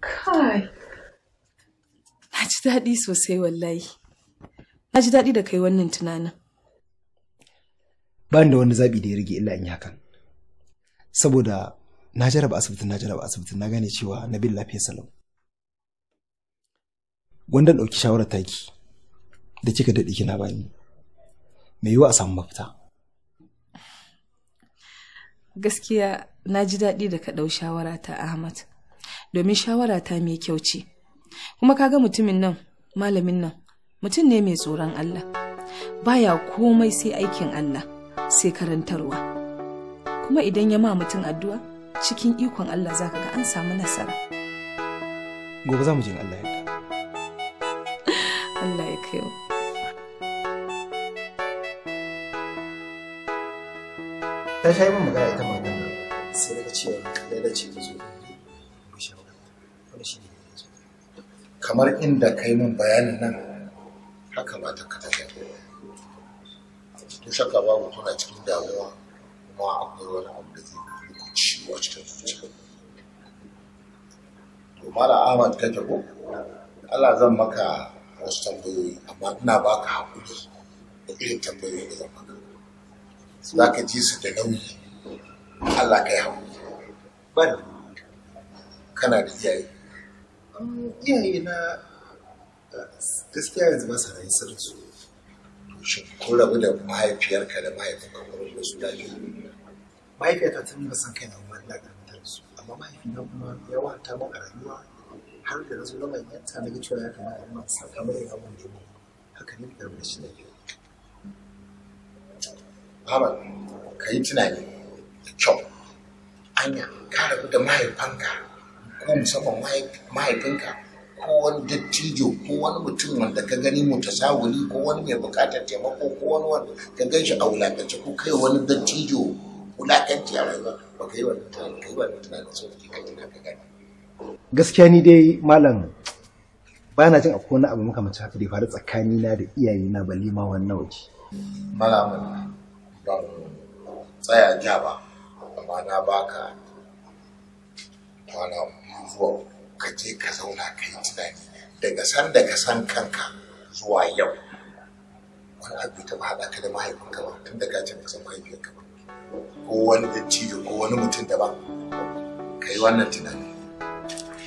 Kai. Na ji daɗi sosai wallahi. Na ji daɗi da kai wannan tunanin. Ba da wani zaɓi da ya rage illa in yi hakan. Saboda na jaraba asibitin na jaraba asibitin na gane cewa na bin lafiyar salau. Gwanda ɗauki shawarar taki da kika daɗe kina bani. Me yiwa a samu mafita. Gaskiya na ji daɗi da ka ɗau shawara ta Ahmad. domin shawara ta mai kyau ce kuma kaga mutumin nan malamin nan mutum ne mai tsoron Allah baya komai sai aikin Allah sai karantarwa kuma idan ya ma mutum addu'a cikin ikon Allah zaka ga an samu nasara gobe za mu je Allah ya Allah ya kai ta shayi magana ita magana sai daga cewa ya dace ta zo kamar inda kai min bayanin nan haka ba ta ba. to shakka babu tana cikin damuwa kuma akwai wani abu da zai ku ciwo a cikin zuciya to mara ahmad ka ko Allah zan maka wasu tambayoyi amma ina baka hakuri da irin tambayoyi da zan maka za ka ji su da nauyi Allah ka yi hakuri bari kana da iyaye iyaye na eh, gaskiya yanzu ba sa yin sarki shin ko rabu da mahaifiyarka da mahaifinka wurin da su lafiya mahaifiyata ta nuna son kai na wani da su amma mahaifina kuma ya wata min a rayuwa har da nazo na manyanta na ga cewa ya kamata in masu saka mai yana wani jimo haka ne da wani shi lafiya Muhammad ka yi tunani da kyau anya ka rabu da mahaifanka ko musamman mahaifinka ko wani dattijo ko wani mutum wanda ka gani mutasawuli ko wani mai bukatar taimako ko wani wanda ka gan shi a wulakance ko kai wani dattijo wulakanci a rayuwa ba ka yi wani tunanin ka yi wani tunanin so da ka tuna ka gani. gaskiya ni dai malam ba na jin akwai wani abu makamancin haka da ya faru tsakanina da iyayena balle ma wannan waje. malamin ban tsaya ja ba amma na baka kwana uku zuwa ka je ka zauna ka yi tunani daga san daga san kanka zuwa yau wani abu ta haɗa ka da mahaifinka ba tun daga can ka san mahaifinka ba ko wani dattijo ko wani mutum da ba ka yi wannan tunani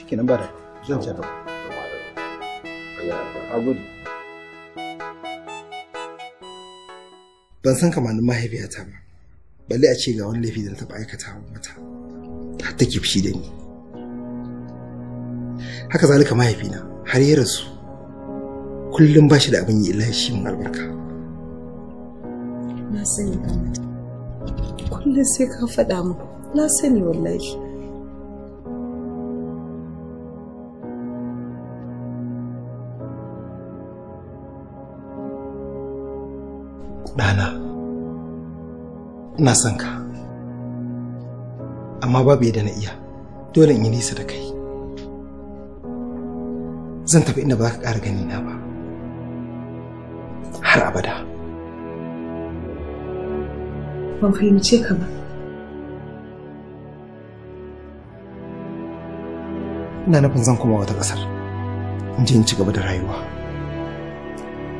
kinan ba da zan ce ba a gudu ban san kamanin mahaifiyata ba balle a ce ga wani laifi da na taɓa aikata mata ta take fushi da ni haka zalika mahaifina har ya rasu kullum ba shi da abin yi illa shi mun albarka na sani kullum sai ka faɗa mu na sani wallahi ɗana ina son ka amma babu yadda na iya dole in yi nisa da kai zan tafi inda ba ka ƙara gani na ba har abada ban fahimce ka ba ina nufin zan koma wata ƙasar in je in ci gaba da rayuwa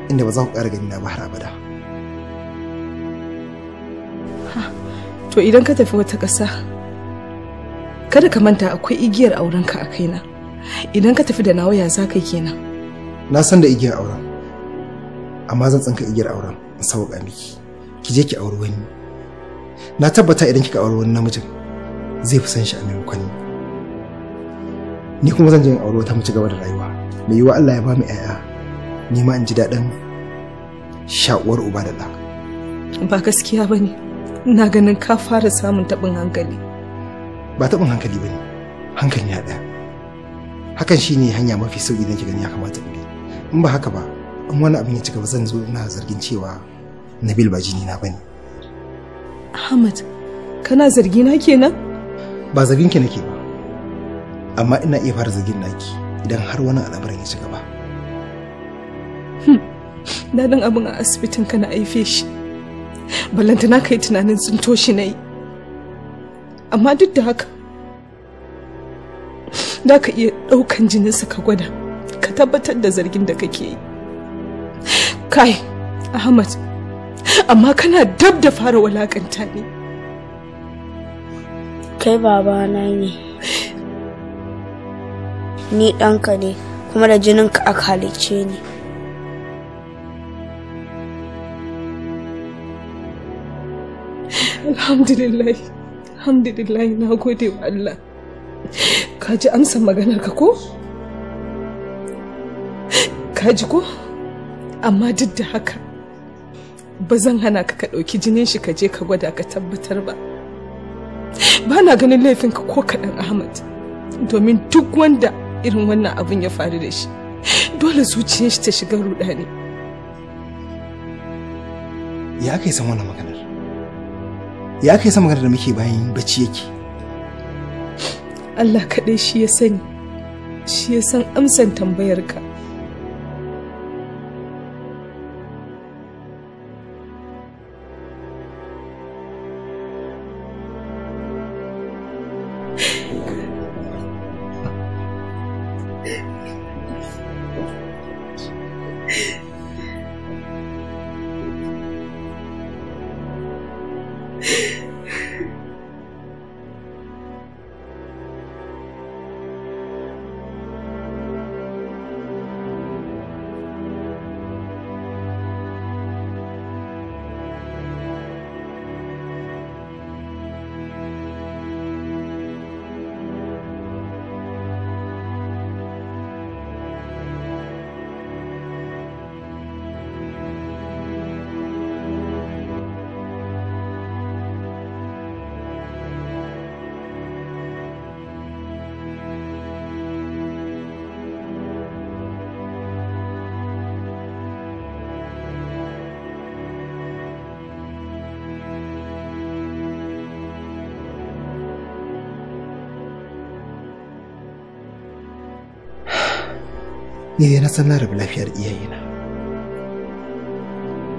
inda ba za ku ƙara gani na ba har abada to idan ka tafi wata ƙasa kada ka manta akwai igiyar aurenka a kaina idan ka tafi da nawa ya za ka kenan na san da igiyar auren amma zan tsanka igiyar auren in sauka miki ki je ki auri wani na tabbata idan kika auri wani namijin zai fi san shi a maimakon ni ni kuma zan je in auri wata mace gaba da rayuwa mai yiwuwa Allah ya ba mu 'ya'ya ni ma in ji daɗin sha'uwar uba da ɗa ba gaskiya ba ne na ganin ka fara samun taɓin hankali ba taɓin hankali ba ne hankali na ɗaya hakan shine hanya mafi sauki da gani ya kamata in bi in ba haka ba in wani abin ya ci gaba zan zo ina zargin cewa Nabil ba jini na bane Ahmad kana zargi na kenan ba zargin ki nake ba amma ina iya fara zargin naki idan har wani al'amarin ya ci gaba hmm, dadin abin a asibitin kana aife shi ballantana kai tunanin sun toshi na yi amma duk da haka da ka iya ɗaukan jininsa ka gwada ka tabbatar da zargin da kake yi kai ahmad amma kana dab da fara walakanta ne kai babana ne ni ɗanka ne kuma da jininka aka halicce ni alhamdulillah alhamdulillah na gode wa Allah Kaji ji amsa maganar ka ko kaji ko amma duk da haka ba zan hana ka ka ɗauki jinin shi ka je ka gwada ka tabbatar ba ba na ganin laifinka ko kaɗan ahmad domin duk wanda irin wannan abun ya faru da shi dole zuciyar shi ta shiga rudani ya kai san wannan maganar ya kai san maganar da muke bayan bacci yake Allah kaɗai shi ya sani shi ya san amsan tambayarka eh na san na rabu lafiyar iyayena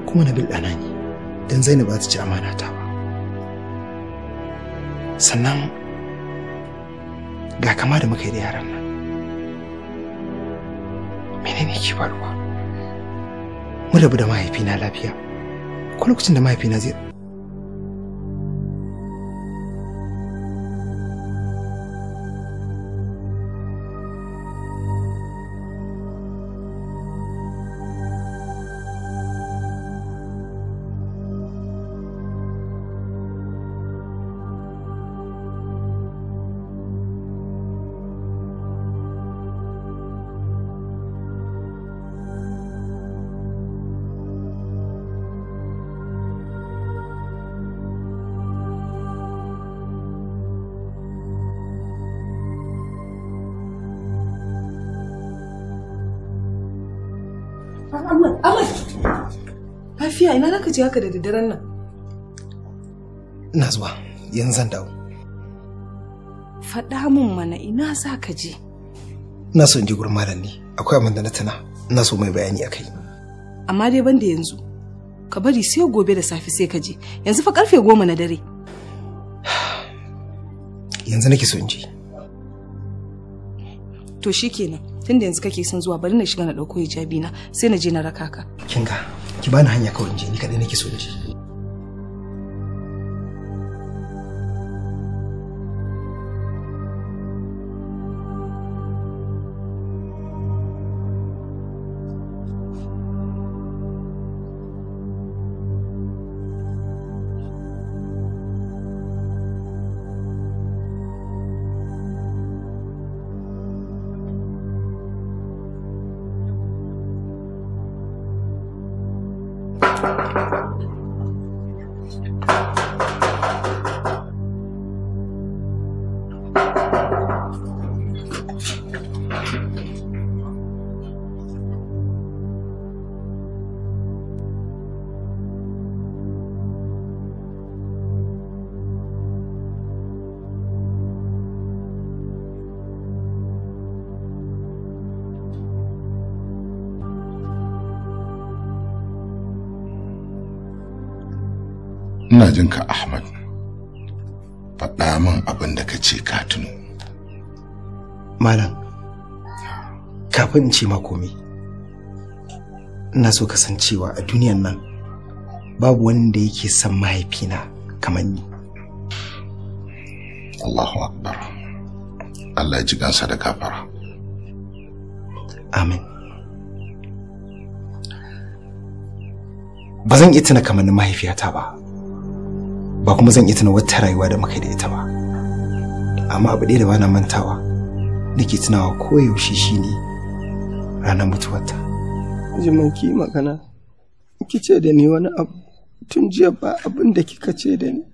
kuma nabil ɗana ne don zainab ba ta ci amana ta ba sannan ga kama da muka yi da yaran nan menene ke faruwa mu rabu da mahaifina lafiya ko lokacin da mahaifina zai gaji haka da daddaren nan? Ina zuwa, yanzu zan dawo. Faɗa min mana ina za ka je? Ina so in ji gurin malam ne, akwai abin da na tana, ina so mai bayani a kai. Amma dai banda yanzu, ka bari sai gobe da safe sai ka je, yanzu fa karfe goma na dare. yanzu nake so in ji. To shikenan, tunda yanzu kake son zuwa bari na shiga na ɗauko hijabi na sai na je na raka ka. Kinga. ki bani hanya kawai in je ni kaɗai nake so in je ina jin ka ahmad faɗa min abin da ka ce ka tuno malam kafin in ce ma komai ina so kasancewa a duniyan nan babu wanda yake son mahaifina kamar ni Allahu akbar Allah ya ji gansa da gafara amin ba zan iya tuna kamar mahaifiyata ba ba kuma zan iya tuna wata rayuwa da muka da ita ba amma abu ɗaya da bana mantawa nake tunawa koyaushe shine ranar mutuwarta jiman ki magana ki ce da ni wani abu tun jiya ba abin da kika ce da ni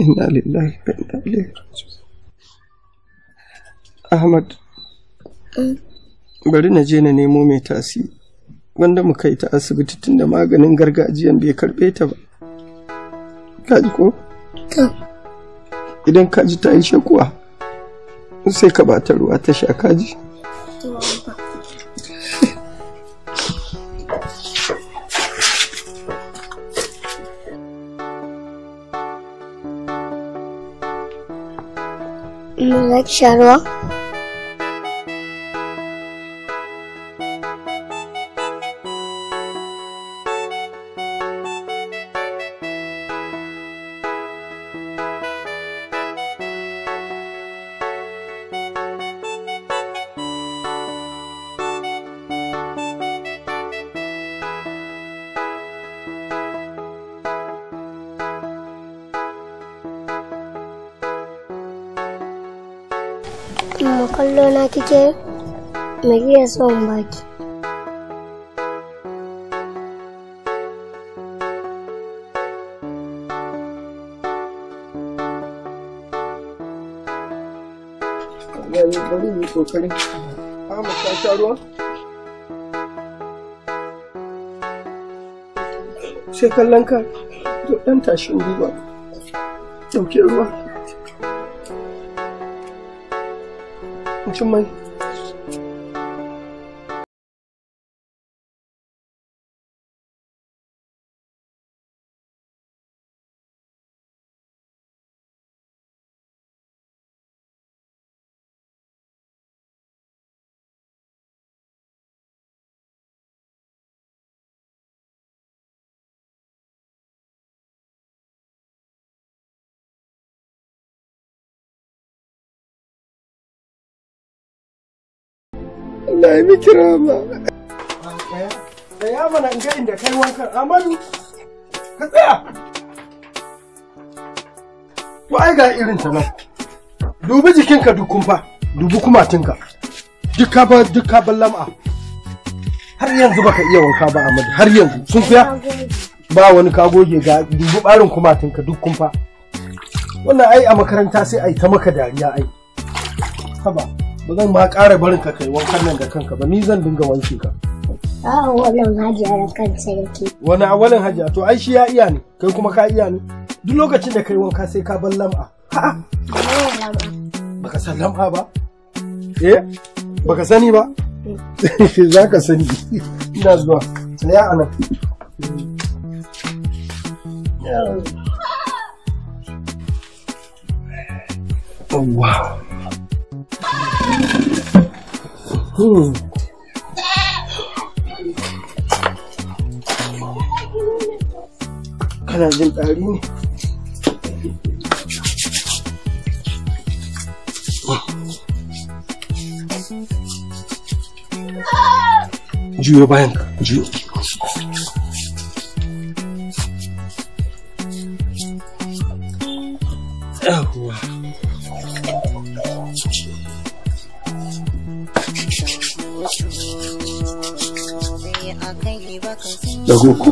inna lillahi wa inna ilaihi raji'un ahmad eh, bari na je na nemo mai tasi wanda mu kai ta asibiti tunda maganin gargajiyan bai karɓe ta ba ka ji ko idan ka ji ta yi shakuwa sai ka bata ruwa ta sha kaji Like nake so like. baki sai kallon ka tashin ruwa ɗauke ruwa mutum mai Allah ya miki rama. Da ya mana in ga inda kai wankan Amadu. Ka tsaya. To ai ga irin ta nan. Dubi jikinka duk kumfa, dubi kumatinka. Duk ka ba duk ka lam'a. Har yanzu baka iya wanka ba Amadu, har yanzu sun fiya. Ba wani ka goge ga dubi barin kumatinka duk kumfa. Wannan ai a makaranta sai ai ta maka dariya ai. Haba. ba zan ma ƙara barin ka kai wankan nan da kanka ba ni zan dinga wanke ka a'a wannan hajiya da kan yake wani awalin hajiya to ai shi ya iya ne kai kuma ka iya ne duk lokacin da kai wanka sai ka bar lam'a ba baka san lam'a ba eh baka sani ba za ka sani ina zuwa tsaya a nan Oh, wow. Kalau Kana jual ɗari ne. Dago ku.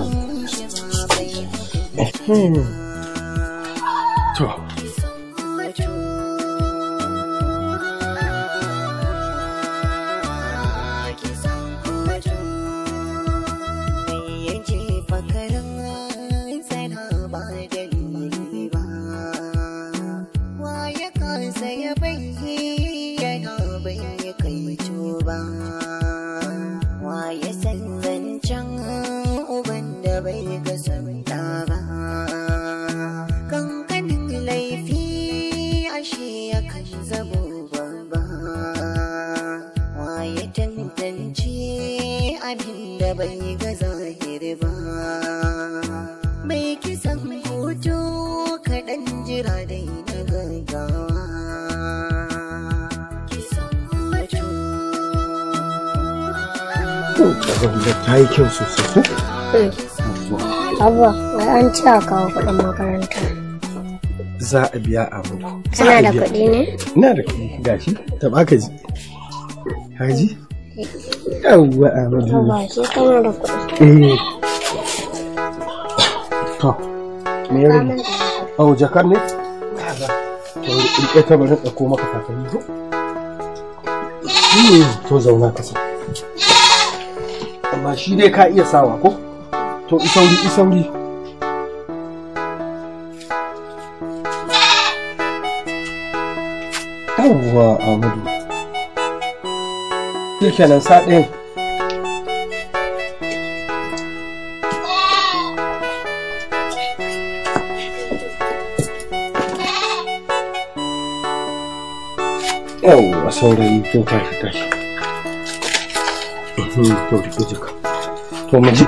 Hmm. an ce a kawo kuɗin makaranta. Za a biya a muku. Kana da kuɗi ne? Ina da kuɗi gashi, ta baka ji. Haji? Yawwa a mu. Ba shi kana da kuɗi. Eh. To, me ya rubu? Oh, jakar ne? ga. Ta in ta bari ɗauko maka takalmi Ne hmm, To, zauna kasa. Amma shi ne ka iya sawa ko? to isauri isauri yawwa amadu shi kenan saɗin yawwa saurayi kyauta ta tashi mhm, to mu ji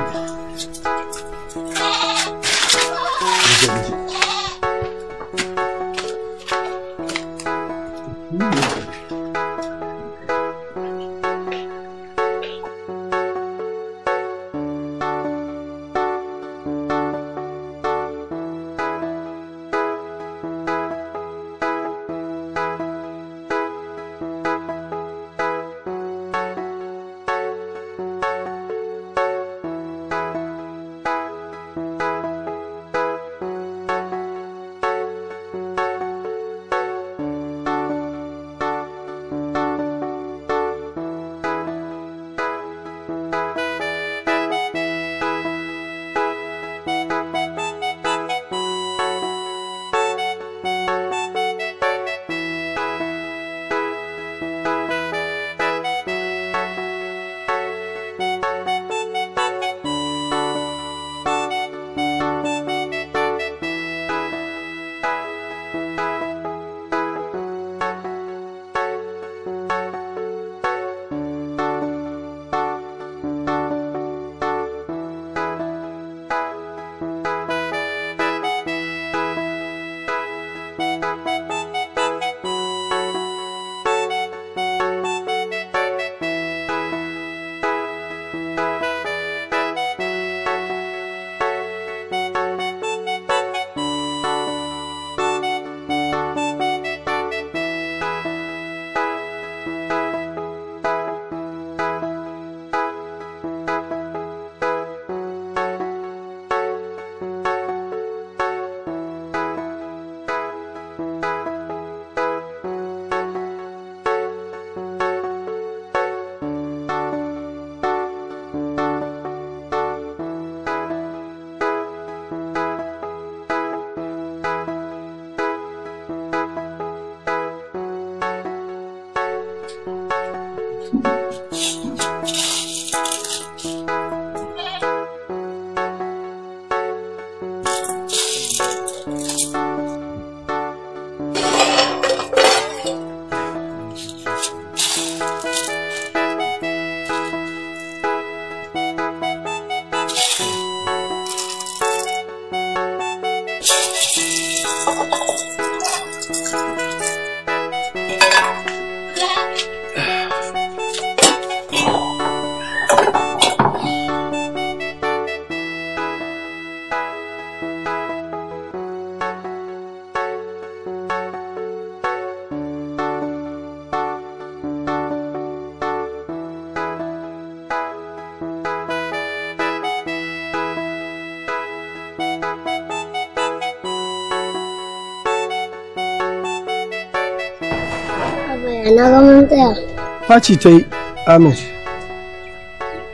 faci ta yi amir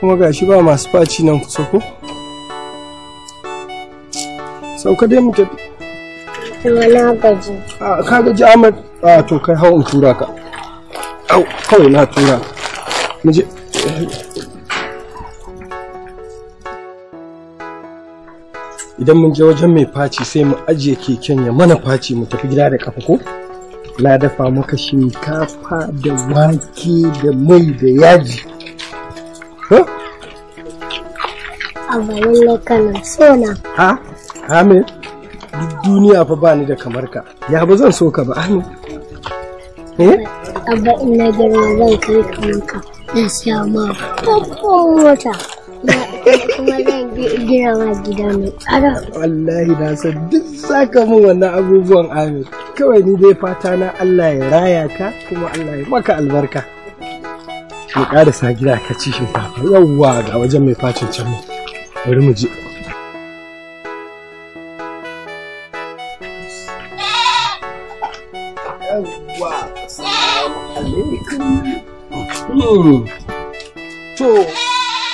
kuma ga shi ba masu faci nan kusa ko sauka dai mu Kuma na gaji ka gaji amir a to kai hau in tura ka au kawai na tura ka mu je idan mun je wajen mai faci sai mu ajiye keken ya mana faci mu tafi gida da kafa ko na dafa maka shinkafa da wake da mai da yaji abalin kana so na ha amin duk duniya fa ba ni da kamar ka ya ba zan so ka ba amin eh abba ina girma zan kai kamar ka Ya siya ma babban mota kuma zan gina gida wallahi na san duk zaka min wannan abubuwan amin kawai ni dai fata na Allah ya raya ka kuma Allah ya maka albarka mu sa gida ka ci shinkafa yawwa ga wajen mai facin can mu bari mu je hmm. to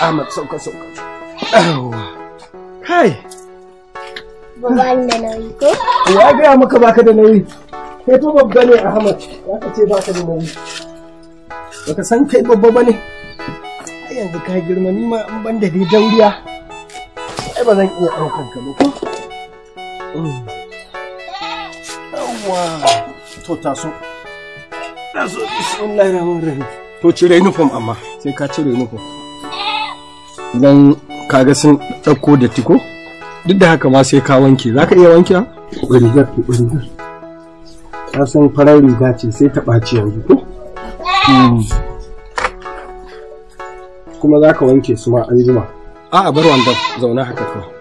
Ahmad sauka sauka. Yawwa. Kai. Ba ni da nauyi ko? Ya gaya maka baka da nauyi. Kai to babba ne Ahmad, ya ka ce baka da nauyi. Baka san kai babba bane. Ai yanzu ka girma ni ma an ban da dai dauriya. Ai ba zan iya ɗaukan ka ba ko? Yawwa. To taso. Taso bismillahir rahmanir rahim. To cire uniform amma sai ka cire uniform. don kaga sun ɗauko da tiko duk da haka ma sai ka wanke za ka iya wanke ha? rigar rigar ka san farar riga ce sai ta ɓaci yanzu ko? Hmm. kuma za ka wanke su ma an jima a bar wanda zauna haka kawai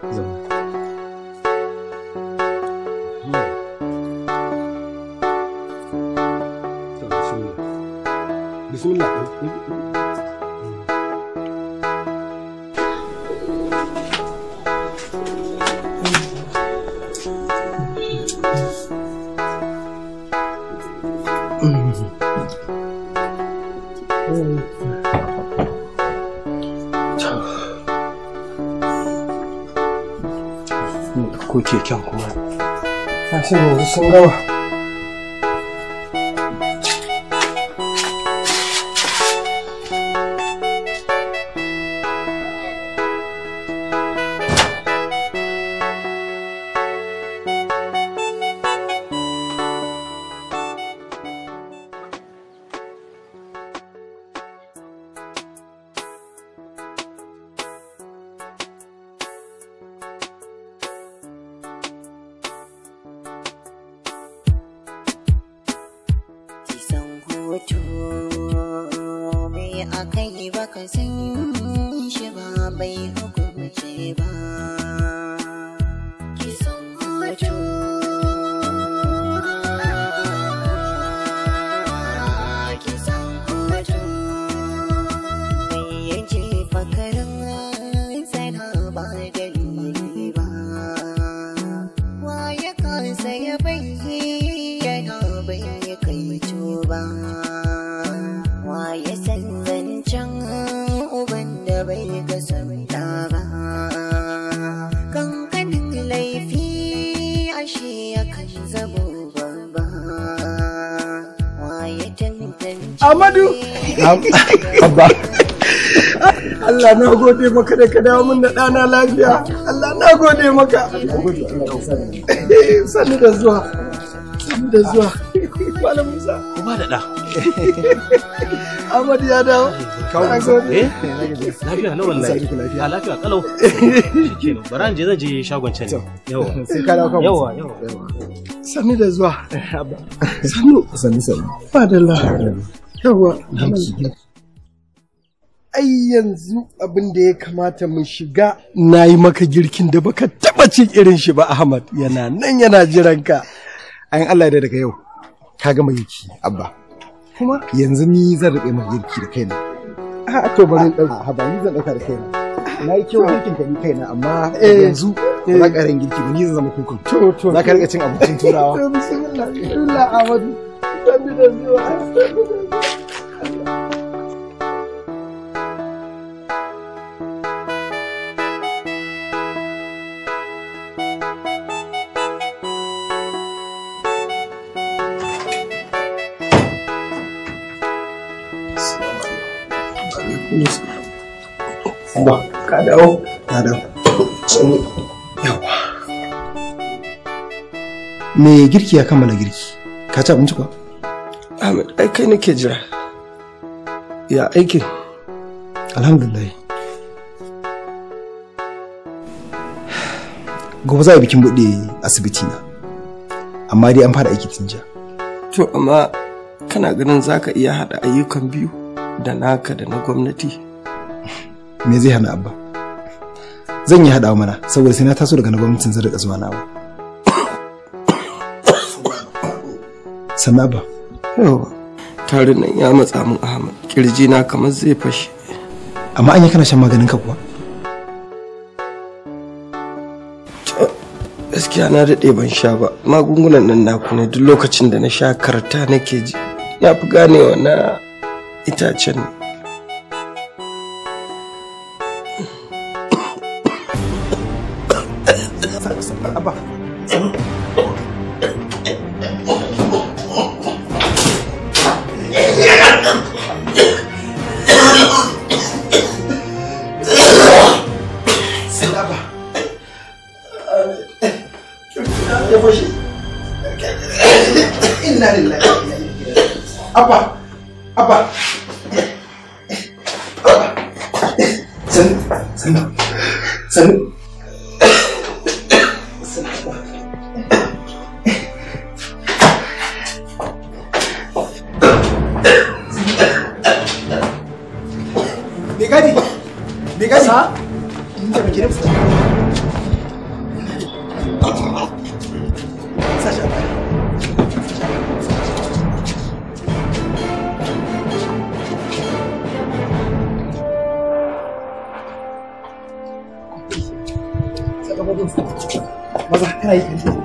身高。sa ya bayyana bai kai ba wa ya san zancen uban da bai ga sabta ba kankanin laifi shi ya kan zabo babba wa ya tantance amadu abba Allah na gode maka da ka dawo min da ɗana lafiya. Allah na gode maka. Eh, sannu da zuwa sannu da zuwa musa da da ya dawo kawo eh lafiya na wallahi lafiya kalau je zan je shagon can yawa sai ka dawo yawa yawa sannu da zuwa sannu sannu sannu da ai yanzu abin da ya kamata mu shiga na yi maka girkin da baka taba cin irin shi ba Ahmad yana nan yana jiran ka an Allah da daga yau ka gama yiki abba kuma yanzu ni zan rike maka girki da kaina a ah, to bari in dauka ha ah, ba ni zan dauka da kaina ah. na yi kyau girkin ka ni kaina amma eh. yanzu ba karin girki ba ni zan zama kukun to to za ka rika cin abincin turawa bismillah bismillah Ahmad dan da zuwa ba ka dawo na dawo yawa me girki ya kammala girki ka ci abinci kuwa Ahmed ai kai nake jira ya aikin alhamdulillah gobe za a yi bikin buɗe asibiti na amma dai an fara aiki tun jiya to amma kana ganin za ka iya haɗa ayyukan biyu da naka da na gwamnati me zai hana abba zan yi haɗa mana saboda sai na taso daga na gwamnatin zai rika zuwa na ba sannan abba yawa tarin nan ya matsa min ahmad kirji na kamar zai fashe amma an yi kana shan maganin ka kuwa gaskiya na daɗe ban sha ba magungunan nan naku ne duk lokacin da na sha karta nake ji na fi ganewa na itacen 是。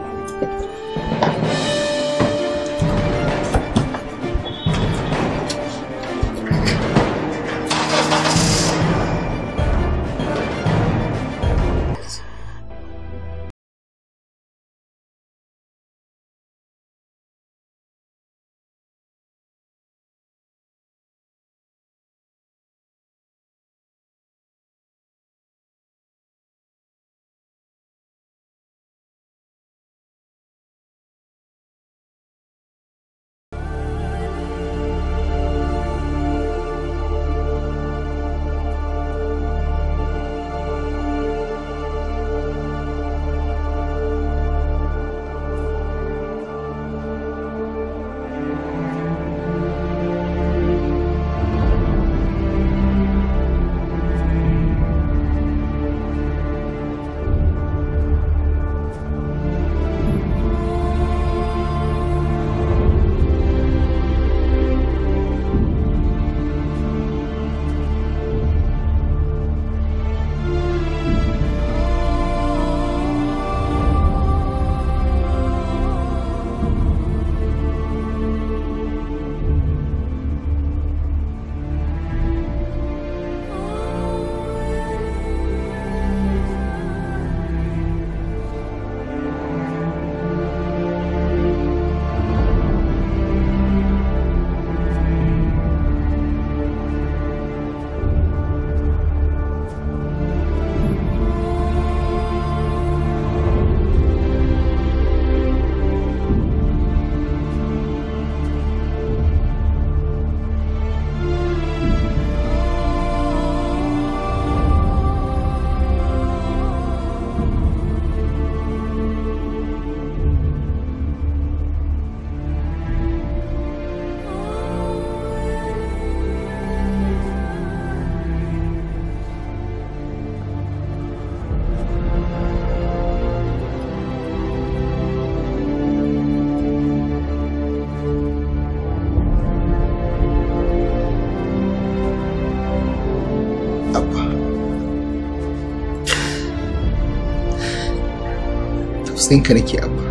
ka nake abba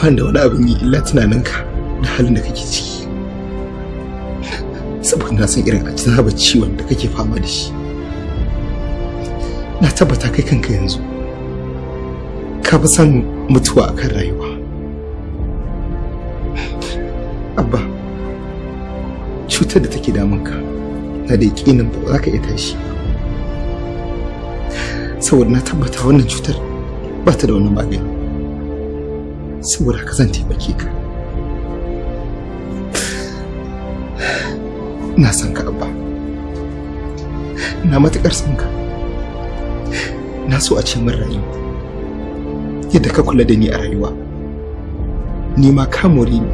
ban da wani abin yi illa ka da halin da kake ciki saboda na san irin azabar ciwon da kake fama da shi na tabbata kai kanka yanzu ka fi son mutuwa akan rayuwa abba cutar da take damunka na da yaƙinin ba za ka iya tashi ba saboda na tabbata wannan cutar ba ta da wani magani saboda ka zan taimake ka na san ka abba na matuƙar san ka na so a ce min rayuwa yadda ka kula da ni a rayuwa ni ma ka mori ni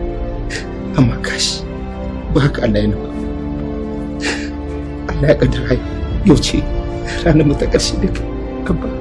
amma kashi ba haka Allah ya nufa Allah ya kaddara yau ce ranar mu ta ƙarshe da kai applicable.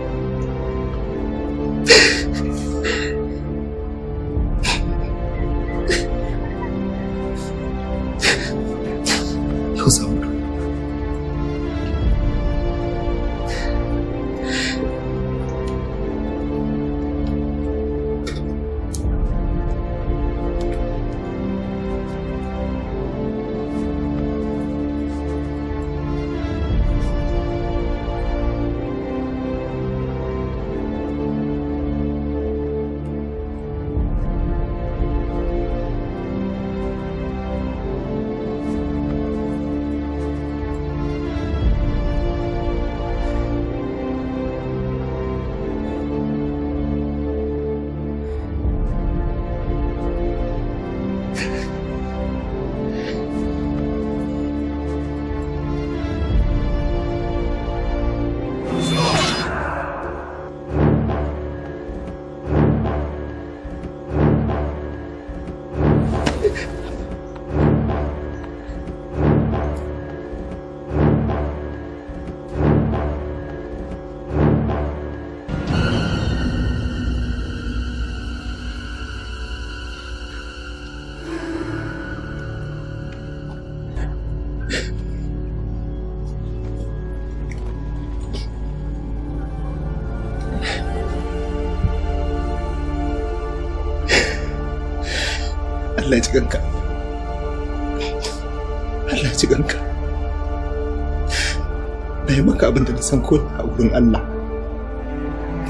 da na san ko a wurin Allah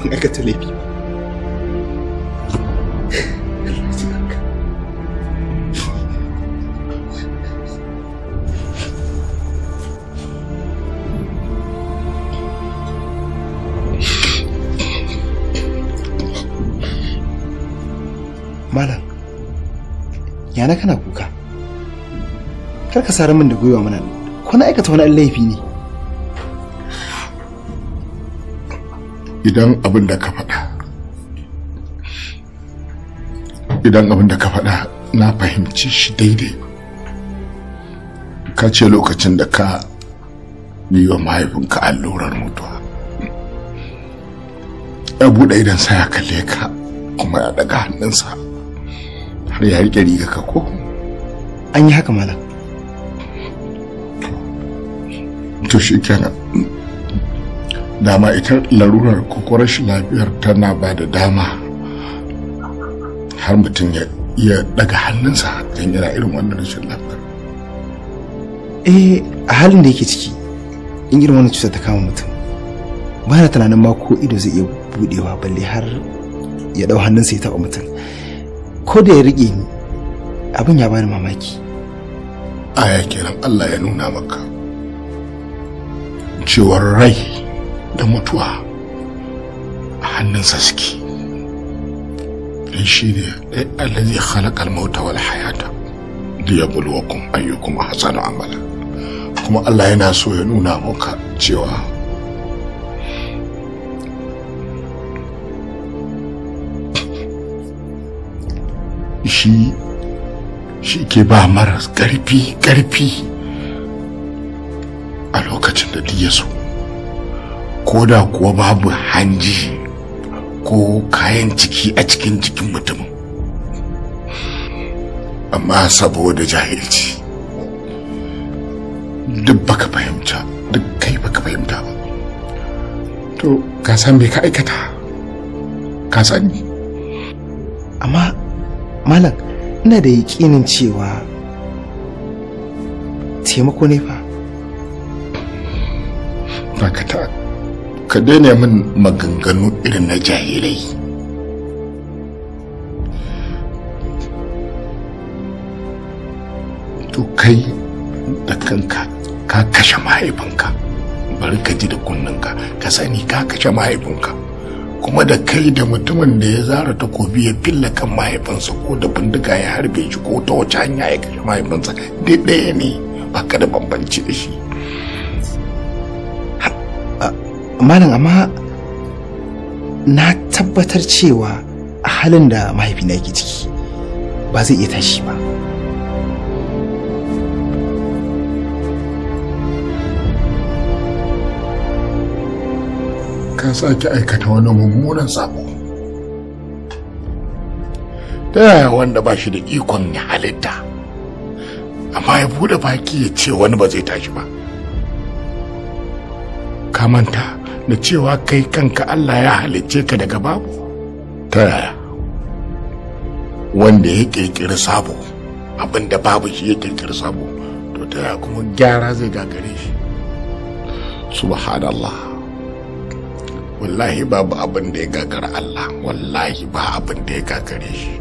in aikata laifi ba Malam, yana kana kuka? Kar ka sare min da gwiwa mana, kuna aikata wani laifi ne? idan abin da ka faɗa idan abin da ka faɗa na fahimci shi daidai ka ce lokacin da ka yi wa mahaifinka allurar mutuwa ya buɗe idansa ya kalle ka kuma ya ɗaga hannunsa har ya riƙe riga ka ko an yi haka malam to shi kenan dama ita larurar kokorash lafiyar lafiyar tana ba da dama har mutum ya iya daga hannunsa don yana irin wannan rashin lafiyar eh a halin da yake ciki in irin wannan cuta ta kama mutum ba na tunanin ma ko ido zai iya budewa balle har ya dau hannunsa ya taba mutum ko da ya rike ni abin ya bani mamaki aya kenan Allah ya nuna maka cewar rai da mutuwa a hannunsa suke in shi ne ɗai allazi halakal mauta wal hayata kun ayyukum ahsanu amala kuma Allah yana so ya nuna maka cewa shi shi ke ba mara ƙarfi ƙarfi a lokacin da duk ya ko da kuwa babu hanji ko kayan ciki a cikin jikin mutumin amma saboda jahilci duk baka fahimta duk kai baka fahimta ba to ka san me ka aikata ka sani amma malam ina da yakinin cewa taimako ne fa ba ka ta ka daina min maganganu irin na jahilai to kai da kanka ka kashe mahaifinka bari ka ji da kunninka ka sani ka kashe mahaifinka kuma da kai da mutumin da ya zara takobi ya filla kan mahaifinsa ko da bindiga ya harbe shi ko ta wace hanya ya kashe mahaifinsa dai ɗaya ne ba ka da bambanci da shi malam amma na tabbatar cewa halin da mahaifina yake ciki ba zai iya tashi ba ka sake aikata wani mummunan sabo ta yaya wanda ba shi da ikon ya halitta amma ya bude baki ya ce wani ba zai tashi ba ka manta da cewa kai kanka Allah ya halicce ka daga babu ta yaya wanda ya kirkiri sabo abinda babu shi ya kirkiri sabo to ta yaya kuma gyara zai gagare shi subhanallah wallahi babu abin ya gagara Allah wallahi ba abin ya gagare shi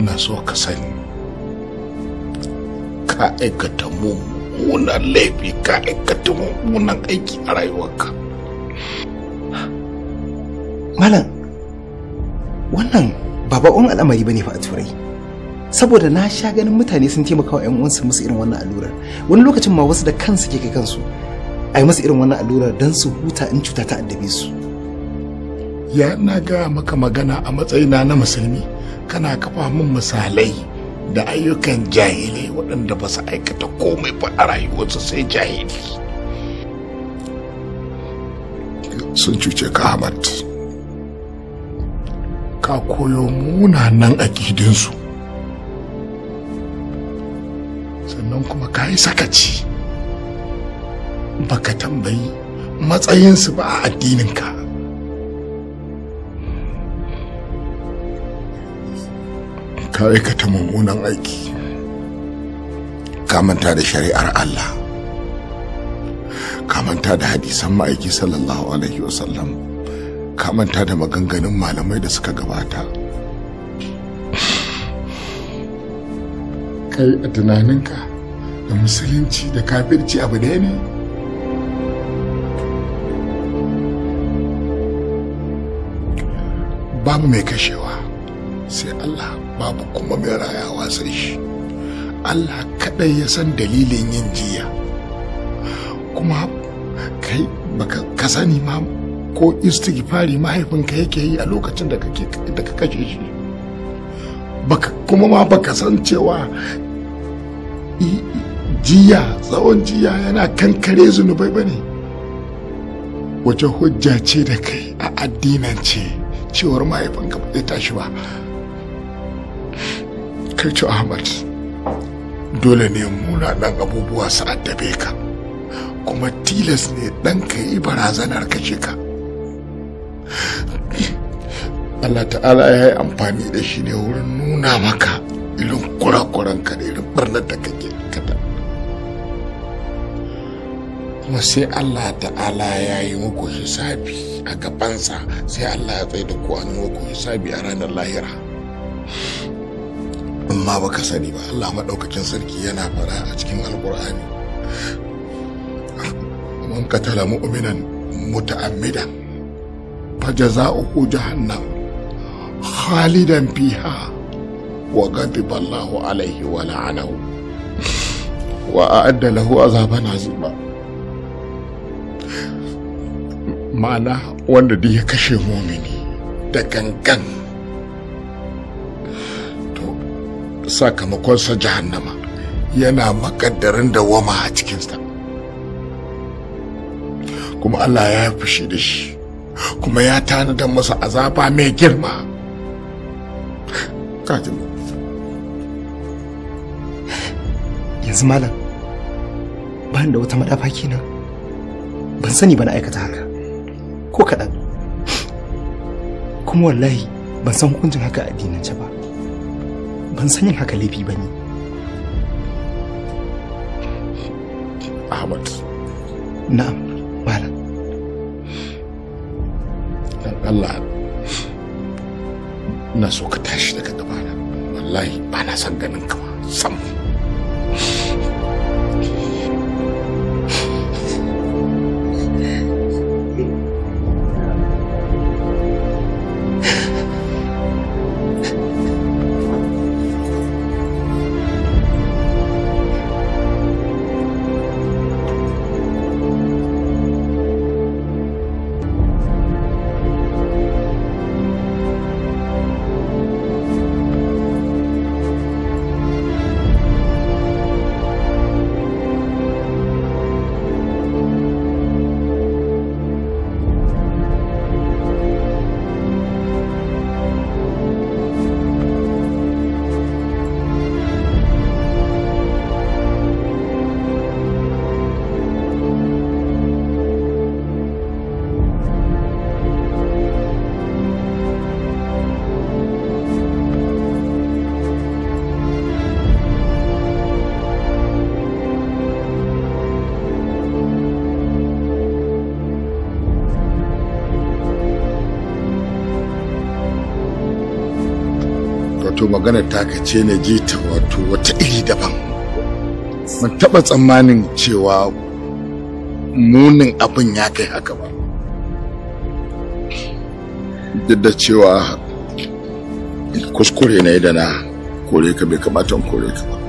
ina so ka sani ka aikata mu mummunan laifi ka aikata mummunan aiki a rayuwarka malam wannan ba baƙon al'amari ba ne fa a turai saboda na sha ganin mutane sun taimaka wa 'yan uwansu musu irin wannan allurar wani lokacin ma wasu da kansu ke kai kansu a yi musu irin wannan allurar don su huta in cuta ta addabe su ya na ga maka magana a matsayina na musulmi kana kafa min misalai da ayyukan jahilai waɗanda ba su aikata komai ba a rayuwarsu sai jahili sun cuce ka hamad. ka koyo munanan gidinsu sannan kuma ka yi sakaci baka tambayi matsayinsu ba a addininka ka aikata mummunan aiki ka manta da shari'ar Allah ka manta da hadisan ma'aiki sallallahu alaihi wasallam ka manta da maganganun malamai da suka gabata kai a tunaninka da musulunci da kafirci abu ɗaya ne babu mai kashewa sai Allah babu kuma mai rayawa sai shi Allah kaɗai ya san dalilin yin jiya kuma kai baka ka sani ma ko istighfari mahaifinka yake yi a lokacin da kake da ka kashe shi baka kuma ma baka san cewa jiya tsawon jiya yana kankare zunubai bane wace hujja ce da kai a addinance cewar mahaifinka bai tashi ba Kalci Ahmad dole ne munanan abubuwa su addabe ka kuma tilas ne ɗanka yi barazanar kace ka Allah ta'ala ya yi amfani da shi ne wurin nuna maka irin kurakuran ka da irin barnar da kake kada kuma sai Allah ta'ala ya yi muku hisabi a gabansa sai Allah ya tsaye da ku an yi muku hisabi a ranar lahira. amma ka sani ba Allah maɗaukakin sarki yana fara a cikin alkur'ani man katala mu'minan muta'ammidan fajaza'uhu jahannam khalidan fiha wa ghadiba Allahu alaihi wa la'anahu wa a'adda lahu azaban azima ma'ana wanda duk ya kashe mumini da gangan sakamakonsa jahannama yana makaddarin dawama a cikinsa kuma Allah ya fushi da shi kuma ya tanadar masa azaba mai girma kaji yanzu malam ba da wata madafa kenan ban sani ba na aikata haka ko kaɗan kuma wallahi ban san hukuncin haka a addinance ba ban san yin haka laifi ba ne ahmad na'am bala allah na so ka tashi daga gabana wallahi ba na san ganin kama sam magana taka ce na ji ta wato wata iri daban mun taɓa tsammanin cewa munin abin ya kai haka ba duk da cewa kuskure na da na kore ka bai kamata kore ka ba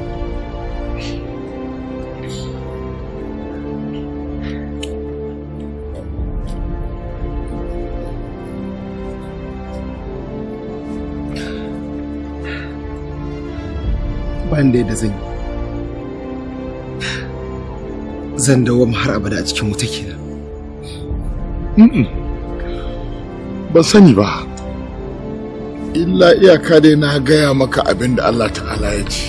da yadda zan yi zan dawwama har abada a cikin wuta kenan ban sani ba illa iyaka dai na gaya maka abin da Allah ta'ala ya ce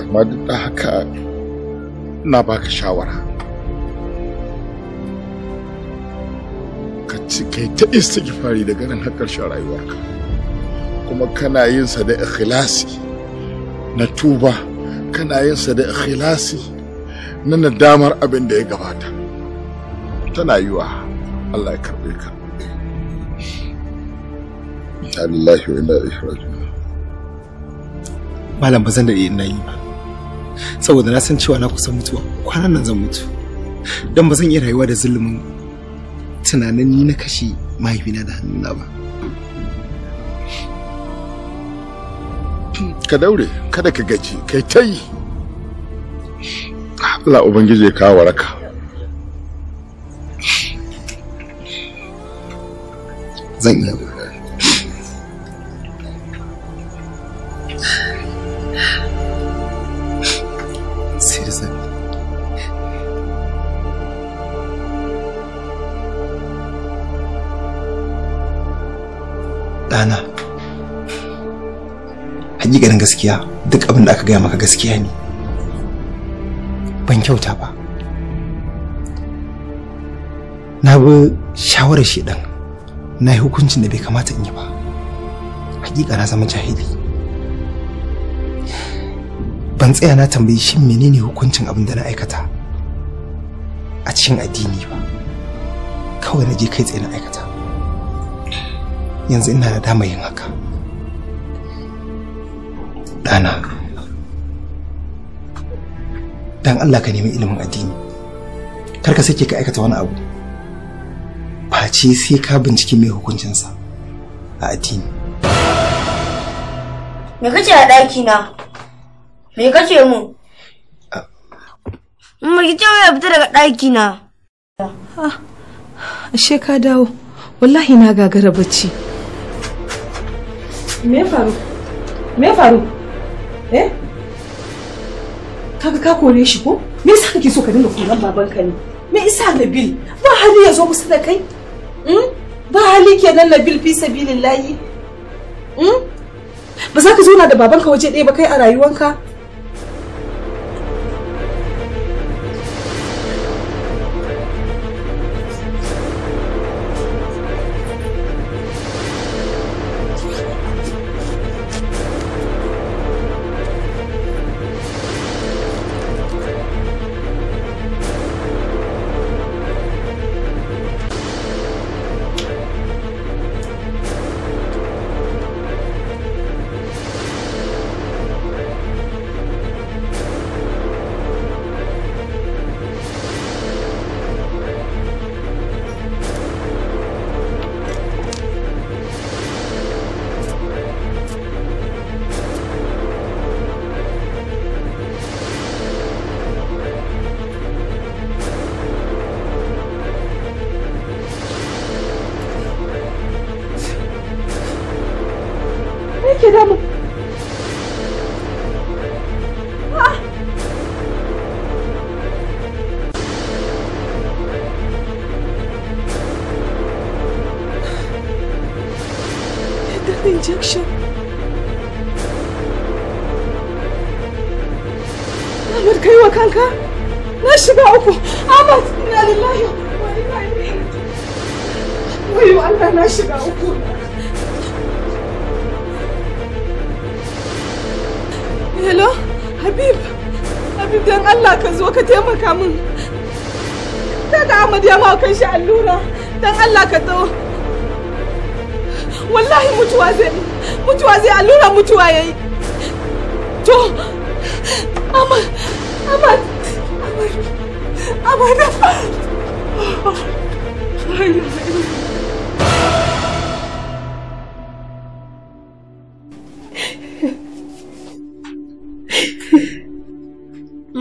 amma duk da haka na baka shawara ka ci kai ta istighfari daga nan har ƙarshen rayuwarka kuma kana yin sa da ikhlasi na tuba kana yin sa da ikhlasi na nadamar abin da ya gabata tana yiwa Allah ya karbe ka lillahi wa inna ilaihi raji'un malam ba zan da yin nayi ba saboda na san cewa na kusa mutuwa kwanan nan zan mutu don ba zan iya rayuwa da zulumin tunanin ni na kashe mahaifina da hannuna ba ka daure kada ka gaji kai ta yi Allah ubangiji ya kawo waraka zan iya -huh. garin gaskiya duk abin da aka gaya maka gaskiya ne ban kyauta ba na bi shawarar shi ɗan na yi hukuncin da bai kamata in yi ba hakika na zama jahili ban tsaya na tambayi shin menene hukuncin abin da na aikata a cikin addini ba kawai na je kai tsaye na aikata yanzu ina da dama yin haka kana dan Allah ka nemi ilimin addini kar ka sake ka aikata wani abu face sai ka bincike mai hukuncinsa a addini me kake a ɗaki na me kake mu mu ki ce ya fita daga ɗaki na ah, ashe ka dawo wallahi na gagara bacci me faru me faru eh kaga ka kore shi ko me yasa kake so ka dinga koran babanka ne me yasa Nabil ba hali ya zo kusa da kai hmm? ba hali kenan Nabil fi sabilillahi hmm? ba za ka zauna da babanka waje ɗaya ba kai a rayuwanka mutuwa y'a to amma amma amma da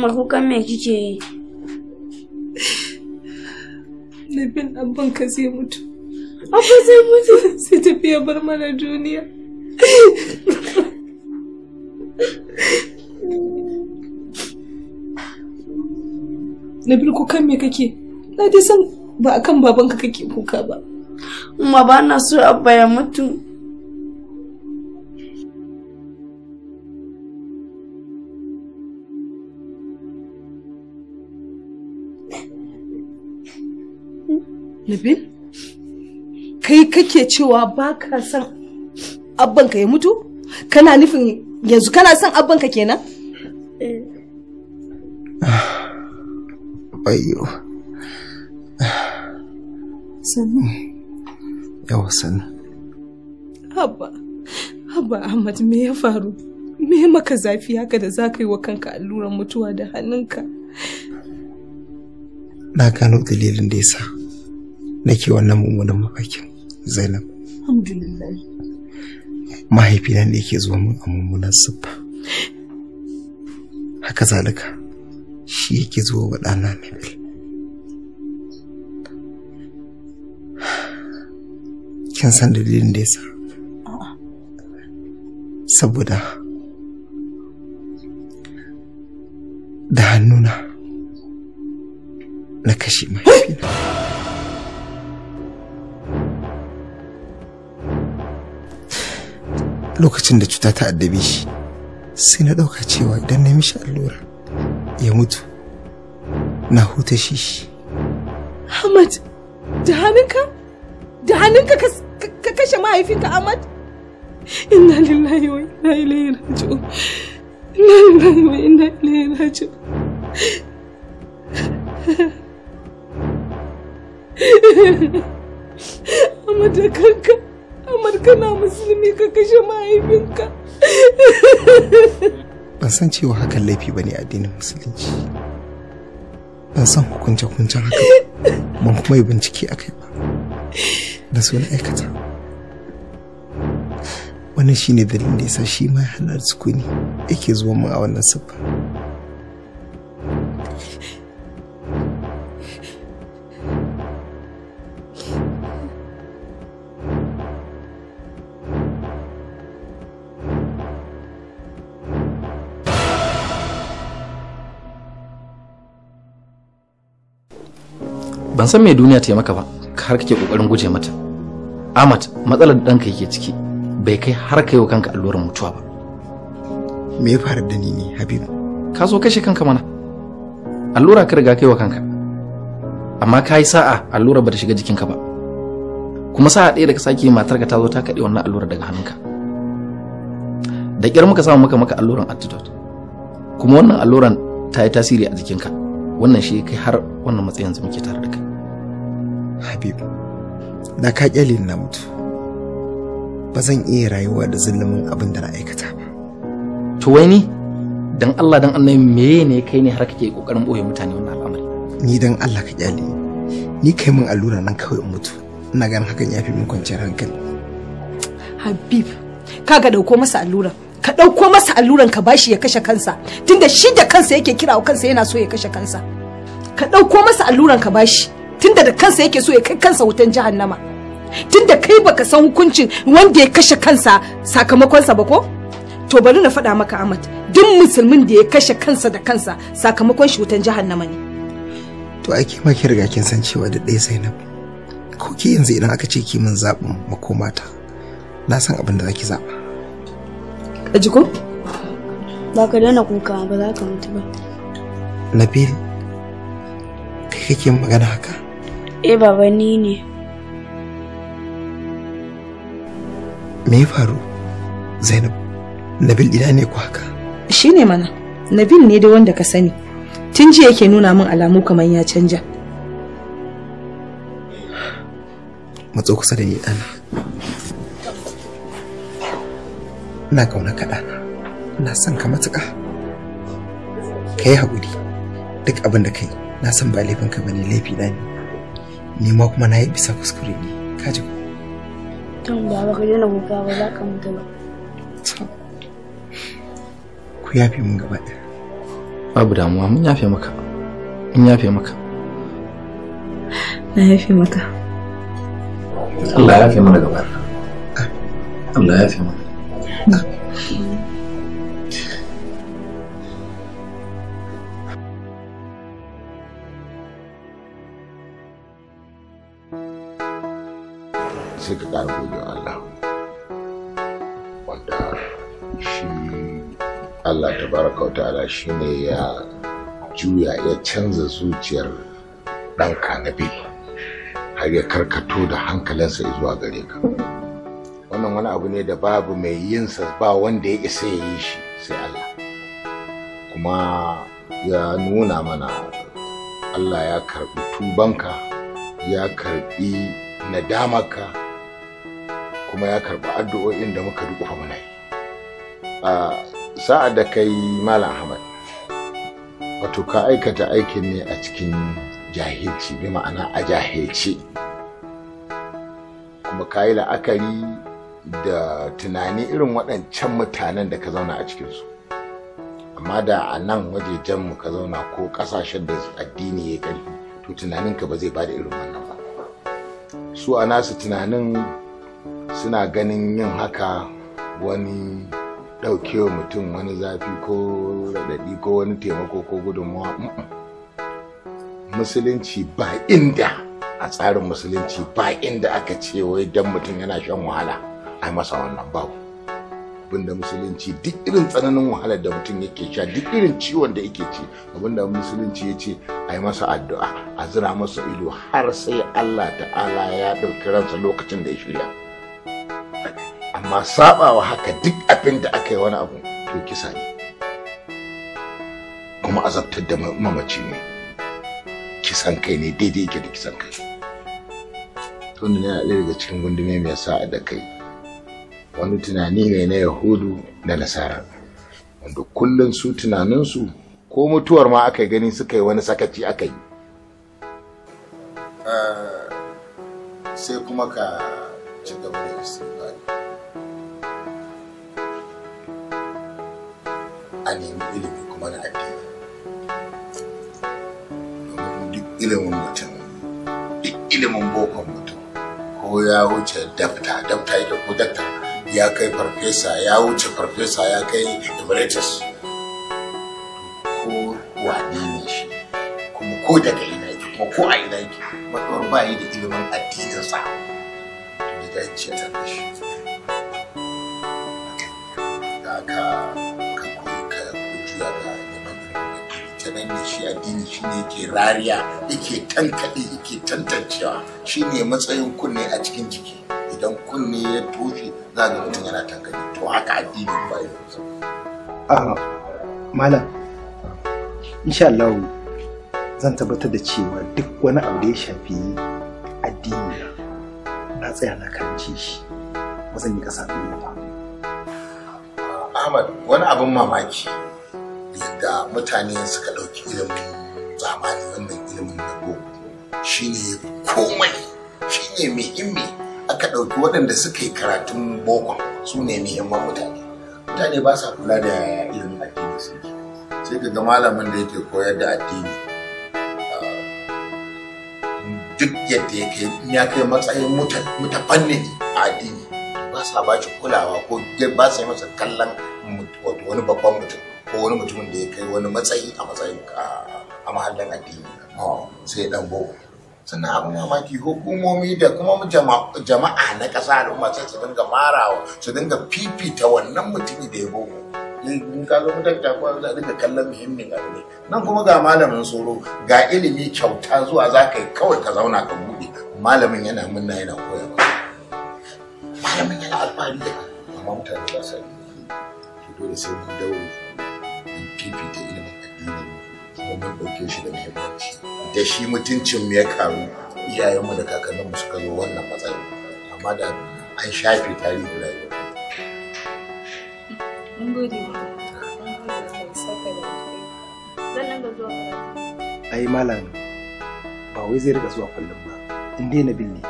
Mahukan me kike yi? Nufin ka zai mutu. Abba zai mutu sai tafiya bar mana duniya. Nabil kukan me kake? Na dai san ba akan babanka kake kuka ba. Amma ba na so abba ya mutu. Nabil, kai kake cewa ba ka son abbanka ya mutu? Kana nufin yanzu kana son abbanka kenan? Ayyo. Sannu. Yawa sannu. Abba, Abba Ahmad me ya faru? Me maka zafi haka da za ka yi wa kanka alluran mutuwa da hannunka? Na gano dalilin da ya sa nake wannan mummunan mafakin Zainab. Alhamdulillah. Mahaifina ne yake zuwa mun a mummunan siffa. Haka zalika. shi yake zuwa wa ɗana nabil kin san dalilin da ya saboda da hannuna na kashe mai lokacin da cuta ta addabe shi sai na ɗauka cewa idan na mishi allura ya mutu na huta shi Ahmad da hannunka da hannunka ka kashe mahaifinka Ahmad inna lillahi wa inna ilaihi raji'un inna lillahi wa inna ilaihi raji'un Ahmad da kanka Ahmad kana musulmi ka kashe mahaifinka ban san cewa hakan laifi bane a addinin musulunci ban san hukunce hukuncen haka ban kuma yi bincike a kai ba da so na aikata wannan shine dalilin da yasa shi ma halar sukuni yake zuwa mu a wannan siffa ban san me duniya ta maka ba har kake kokarin guje mata amat matsalar da ɗanka yake ciki bai kai har kai wa kanka allurar mutuwa ba me ya faru da ni ne habibu ka zo kashe kanka mana allura ka riga kai wa kanka amma ka yi sa'a allura ba ta shiga jikinka ba kuma sa'a ɗaya daga ka matar ka ta zo ta kaɗe wannan allura daga hannunka da ƙyar muka samu maka maka alluran antidote kuma wannan alluran ta yi tasiri a jikinka wannan shi kai har wannan matsayin yanzu muke tare da kai habib da ka kyalin na mutu ba zan iya rayuwa da zulumin abin da na aikata ba to wai ni dan Allah dan Allah meye ne kai ne har kake kokarin boye mutane wannan al'amari ni dan Allah ka kyale ni kai min allura nan kawai in mutu ina ganin hakan yafi min kwanciyar hankali habib kaga dauko masa allura ka dauko masa alluran ka bashi ya kashe kansa tunda shi da kansa yake kirawo kansa yana so ya kashe kansa ka dauko masa alluran ka bashi tunda da kansa yake so ya kai kansa wutan jahannama tunda kai baka san hukuncin wanda ya kashe kansa sakamakonsa ba ko to bari na faɗa maka Ahmad duk musulmin da ya kashe kansa da kansa sakamakon shi wutan jahannama ne to ai ke maki riga kin san cewa da dai Zainab ko ki yanzu idan aka ce ki min zaɓin makomata na san abin da zaki zaɓa kaji ko ba ka daina kuka ba za ka mutu ba Nabil kai kake magana haka eh baba ni ne me ya faru zainab nabil ina ne ku haka shine mana nabil ne da wanda ka sani tun jiya yake nuna min alamu kamar ya canja matso kusa da ni ɗana ina kauna ka ɗana ina son ka matuƙa ka yi haƙuri duk abin da kai na san ba laifin ka bane laifi na ne ni ma kuma na yi bisa kuskure ne ka ji ko tun ba ba ka daina kuka ba za ka mutu ba ku yafe mun gaba ɗaya babu damuwa mun yafe maka mun yafe maka na yafe maka Allah ya yafe mana gaba Allah ya yafe mana sai ka ƙara gode wa Allah wanda shi Allah ta baraka wa ta'ala shi ne ya juya ya canza zuciyar ɗanka kanabi har ya karkato da hankalinsa ya zuwa gare ka wannan wani abu ne da babu mai yin sa ba wanda ya isa ya yi shi sai Allah kuma ya nuna mana Allah ya karɓi tubanka ya karɓi nadamarka kuma ya karɓi addu'o'in da muka duƙufa muna yi sa'a da kai malam ahmad wato ka aikata aikin ne a cikin jahilci bi ma'ana a jahilci kuma ka yi la'akari da tunani irin waɗancan mutanen da ka zauna a cikinsu amma da a nan waje mu ka zauna ko ƙasashen da addini ya ƙarfi to tunaninka ba zai ba da irin wannan ba su a nasu tunanin suna ganin yin haka wani ɗaukewa mutum wani zafi ko raɗaɗi ko wani taimako ko gudunmawa musulunci ba inda a tsarin musulunci ba inda aka ce wai don mutum yana shan wahala ai masa wannan babu abinda musulunci duk irin tsananin wahalar da mutum yake sha duk irin ciwon da yake ci abinda musulunci ya ce a yi masa addu'a a zira masa ido har sai allah ta'ala ya ɗauki ransa lokacin da ya shirya amma sabawa haka duk abin da aka yi wani abu to kisa ne kuma azabtar da mamaci ne kisan kai ne daidai yake da kisan kai to ne yana daga cikin gundume mai sa'a da kai wani tunani ne na yahudu da nasara wanda kullum su tunaninsu ko mutuwar ma aka gani suka yi wani sakaci aka yi eh, sai kuma ka ci gaba da isi nemi ilimi kuma na addini duk ilimin mutum duk ilimin bokon mutum ko ya wuce dafta dafta yake ko dafta ya kai farfesa ya wuce farfesa ya kai emeritus ko wane ne shi kuma ko daga ina yake kuma ko a ina yake matsawar bayi da ilimin addininsa to da ya ce ta shi haka nan ne shi addini shi ne ke rariya yake tankaɗe yake tantancewa shi ne matsayin kunne a cikin jiki idan kunne ya toshe za ga mutum yana tankaɗe to haka addini ba ya a ah, malam insha Allah zan tabbatar da cewa duk wani abu da ya shafi addini na tsaya na karance shi ba zan yi ƙasa ba Ahmad wani abin mamaki da mutane suka ɗauki ilimin zamani wannan ilimin na boko shine komai shine muhimmi aka ɗauki waɗanda suka yi karatun boko su ne muhimman mutane mutane ba sa kula da ilimin addini su sai ka ga malamin da yake koyar da addini ah, duk yadda yake kai ya kai matsayin mutafannin a addini ba sa ba shi kulawa ko ba sa yi masa kallon wani babban mutum ko wani mutumin da ya kai wani matsayi a matsayin a mahallin addini sai dan boko sannan abin mamaki hukumomi da kuma jama'a na ƙasa al'umma sai su dinga marawa su dinga fifita wannan mutumi da ya boko in ka zo mutan ta kuwa za dinga kallon muhimmin abu ne nan kuma ga malamin tsoro ga ilimi kyauta zuwa za ka yi kawai ka zauna ka buɗe malamin yana munna yana koyarwa malamin yana alfahari da amma mutane ba sa yi dole sai mun daure fifita ilimin addini kuma mun ɗauke shi da muhimmanci da shi mutuncin mu ya karu iyayenmu da kakanninmu suka zo wannan matsayi amma da an shafe tarihi na yau. gode Ai malam ba wai zai rika zuwa kullum ba in daina binne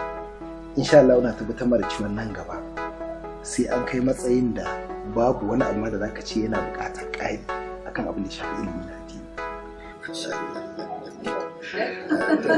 insha Allah na tabbatar da ciwon nan gaba sai an kai matsayin da babu wani abu da zaka ce yana bukatar ƙari. 刚好跟你想的一模一样，滴。